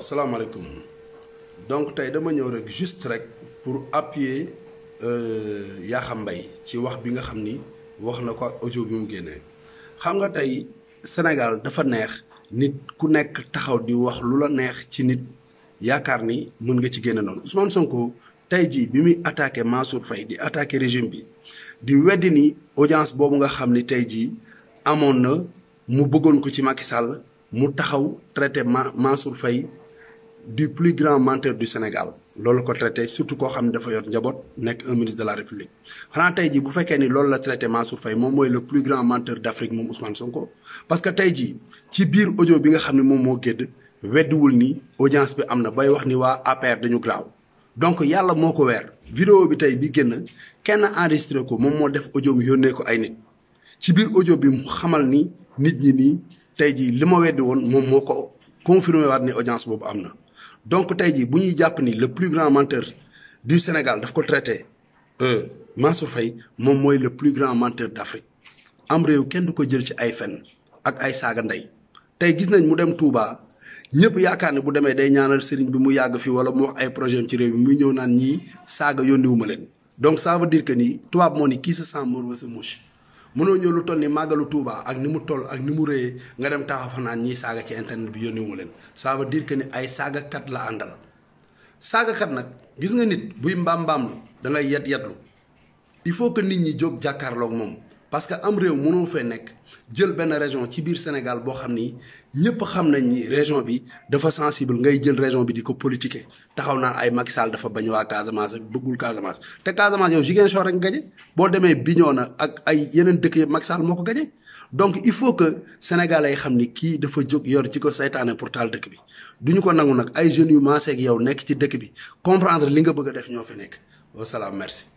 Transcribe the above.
salam alaikum. donc dama juste pour appuyer euh, Yakham ci wax bi nga a ni wax na audio Sénégal nit ku taxaw di wax neex ci nit yaakar ni mën nga ci génne non Ousmane Sonko tay ji bi attaqué Mansour Faye di régime bi di weddi ni audience bobu nga xamni tay ji mu ko ci mu taxaw traité Mansour Faye du plus grand menteur du Sénégal Lolo ko traité surtout ko xamne dafa yor njaboot nek, un ministre de la République xanaa Tayji, jii bu fekké ni Lolo la traité Mansour Faye mom moy le plus grand menteur d'Afrique mom Ousmane Sonko. parce que Tayji, jii ci biir audio bi nga xam mom mo gedd gédd ni audience bi amna bay wax ni wa APR dañu graaw donc yalla moko ko vidéo bi tay bi génn kenn enregistré ko mom mo def audio mu yónnee ko ay nit ci biir audio bi mu xamal ni nit ñi ni tey jii li ma weddi woon moom moo ko confirmé waat ni audience boobu am na. donc tey jii bu ñuy jàpp ni le plus grand menteur du Sénégal daf ko traité euh, Mansour Faye moom mooy le plus grand menteur d'Afrique am réew kenn du ko jël ci ay fen ak ay saaga ndey tey gis nañ mu dem Touba. ñëpp yaakaar ni bu demee day ñaanal sëriñ bi mu yàgg fii wala mu wax ay projet ci réew mi muy ñëw naan ñii saaga yónniwu ma leen donc ça veut dire ni tubaab moo ni kii sa sans mort mënoo ñëw lu toll ni màggalu Touba ak ni mu toll ak ni mu rëyee nga dem taxaw fa naan ñiy saaga ci internet bi yónni mu leen ça diir dire ni ay saagakat la àndal saagakat nag gis nga nit buy mbaam mbaam lu da ngay yat il faut que nit ñi jóg jàkkaarloog moom parce que am réew mënoo fee nek jël ben région ci bir Sénégal bo xamni ni ñëpp xam nañ ni région bi dafa sensible ngay jël région bi di ko politiquer taxaw na ay Macky Sall dafa bañ wa Casamance bëggul Casamance té Casamance yow Ziguinchor rek nga gañe boo demee Bignona ak ay yenen dëkk Macky Sall moo donc il faut que sénégalais yi xam ni dafa jóg yor ci ko saytaane pour tal dëkk bi duñu ko nangu nak ay jeune yu mansé ak yow nek ci dëkk bi comprendre li nga bëgg def ñoo fi wa salam merci